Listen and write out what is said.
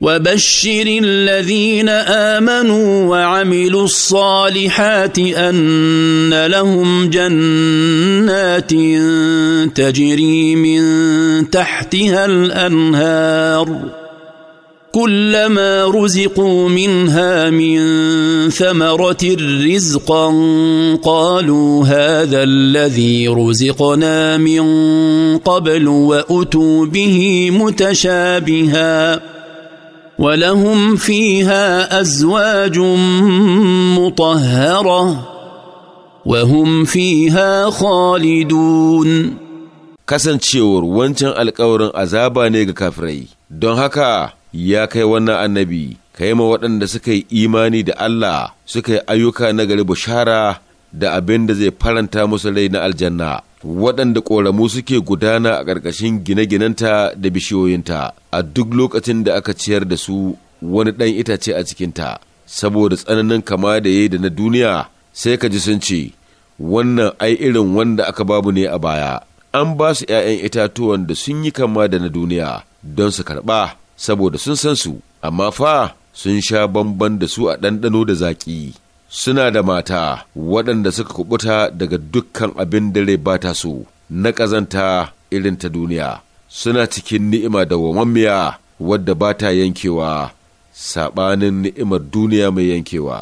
وبشر الذين امنوا وعملوا الصالحات ان لهم جنات تجري من تحتها الانهار كلما رزقوا منها من ثمره رزقا قالوا هذا الذي رزقنا من قبل واتوا به متشابها ولهم فيها ازواج مطهره وهم فيها خالدون kasancewar wancan alkawarin azaba ne ga kafirai don haka ya kai wannan annabi ka yi ma waɗanda suka yi imani da Allah suka yi ayyuka na gari bushara da abin da zai faranta musu rai na aljanna waɗanda ƙoramu suke gudana a ƙarƙashin gine-ginenta da bishiyoyinta a duk lokacin da aka ciyar da su wani ɗan itace a cikinta saboda tsananin kama da ya da na duniya sai ka ji sun ce wannan ai irin wanda aka babu ne a baya an ba su ‘ya'yan itatuwan da sun yi kama da na duniya don su karɓa saboda sun san su amma fa sun sha bamban da su a ɗanɗano da zaƙi. suna da mata waɗanda suka kubuta daga dukkan abin da rai ta su na ƙazanta irin ta duniya suna cikin ni'ima da wamammiya wadda ba ta yankewa saɓanin ni'imar duniya mai yankewa